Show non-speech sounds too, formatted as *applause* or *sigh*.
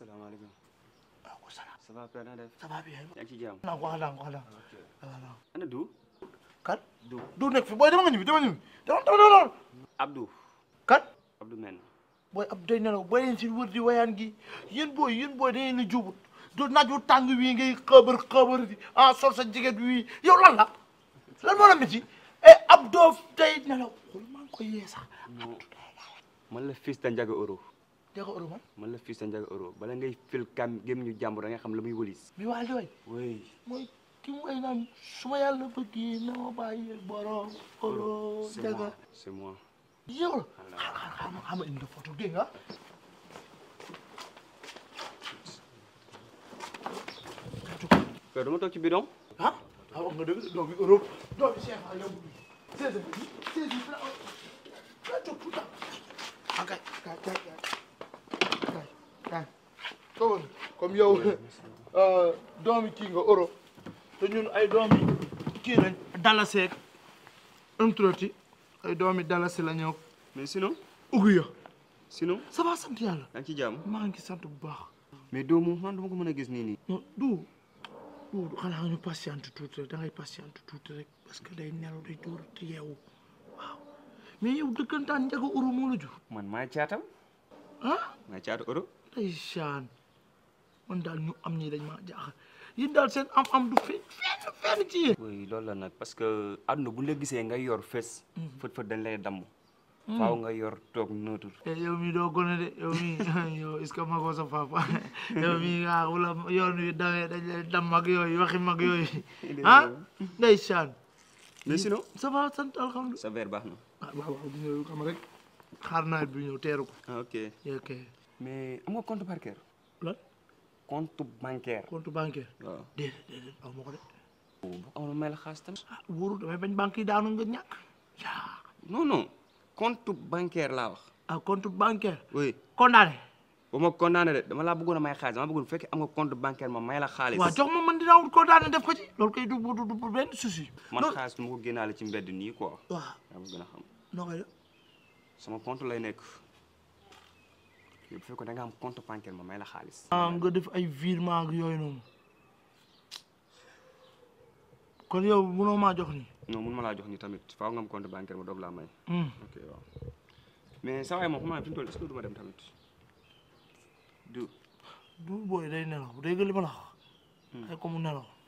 salaamaaleykum. waaw ko salaam. ça va père na def. ça va bien. yaa ngi ci jàmm. naa ko xalaat ko xalaat. ana du. kat du du nekk fi booy dama nga ñibbi dama ñibbi dama dama dama. Abdou. kat Abdou men. booy Abdou day nelaw booy leen si wër di wayaan gi yéen booy yéen booy dañu leen a jubut du naaj wu tàng wii ngay xëbër xëbër di ah sol sa jigéen wii yow lan la lan moo la métti eh Abdou day nelaw xool maa ngi koy yee sax. man la fils de Ndiaga Euro. Ndiaga Euro man man la fils de game Euro bala ngay fil kam gém ñu jàmbur da nga xam la muy wëlis bi waa looy oui ki mooy naan su ma yàlla bëggee na ma bàyyi borom Euro Ndiaga c'est moi yow la xaaral indi photo dégg nga kër comme comme yow euh, doomi kii nga euro te ñun ay doomi kii lañ dalaseeg un troti ay doomi dalasi la ñëw mais sinon ugu ya sinon ça va sant yàlla yaa ngi ci jàmm maa ngi sant bu baax mais doomu man dama ko mën a gis nii nii non du du xanaa ñu patiente tuuti rek da ngay patiente tuuti rek parce que day nelaw day dóor te yeewu waaw mais yow dëkkantaan njaga euro moo la jur man maa caatam ah maa caata euro day caan man daal ñu am ñi dañ maa jaaxal yéen daal seen am-am du feeñ fenn fenn ci yéen. oui loolu la nag parce que àdduna bu ñu la gisee nga yor fés. Hmm. fët fët dañ lay damm. faaw nga yor toog nootul. Eh, yow mii doo gone de yow mii yow est-ce que magoo sa papa yow mii nga wala yoon wi dawee dañ lay damm ak yooyu *laughs* waxi mag *laughs* yooyu ah ndeysaan. mais sinon ça va sant alhamdulilah. sa verre baax na. ah bu ñëw xam rek xaar naa bi ñëw ko. ok ok. mais am nga compte par cœur. lan. compte bancaire. compte bancaire. waaw déedéet déedéet aw ma ko de. aw ma may la xaas tamit. ah wóorul damay bañ banque yi daanu nga ñàkk. non non compte bancaire laa wax. ah compte bancaire. oui condamné. ba ma condamné de dama laa bëggoon a may xaalis dama bëggoon bu fekkee am nga compte bancaire ma may la xaalis. waaw jox ma man dinaa wut condamné def ko ci. loolu kay du du du benn souci. man xaalis du ma ko génnaale ci mbedd nii quoi. waaw yaa ma gën a xam. noo koy def. sama compte lay nekk. yow bu fekkoon da nga am compte bancaire ma may la xaalis. ah nga def ay yooyu noonu kon yow mënoo maa jox ni non ma laa jox ni tamit a nga am compte bancaire ma doog laa may. Hmm. mais saa moom xam naa fi mu toll est-ce que booy day nelaw day gën ma la hmm. ay ko nelaw.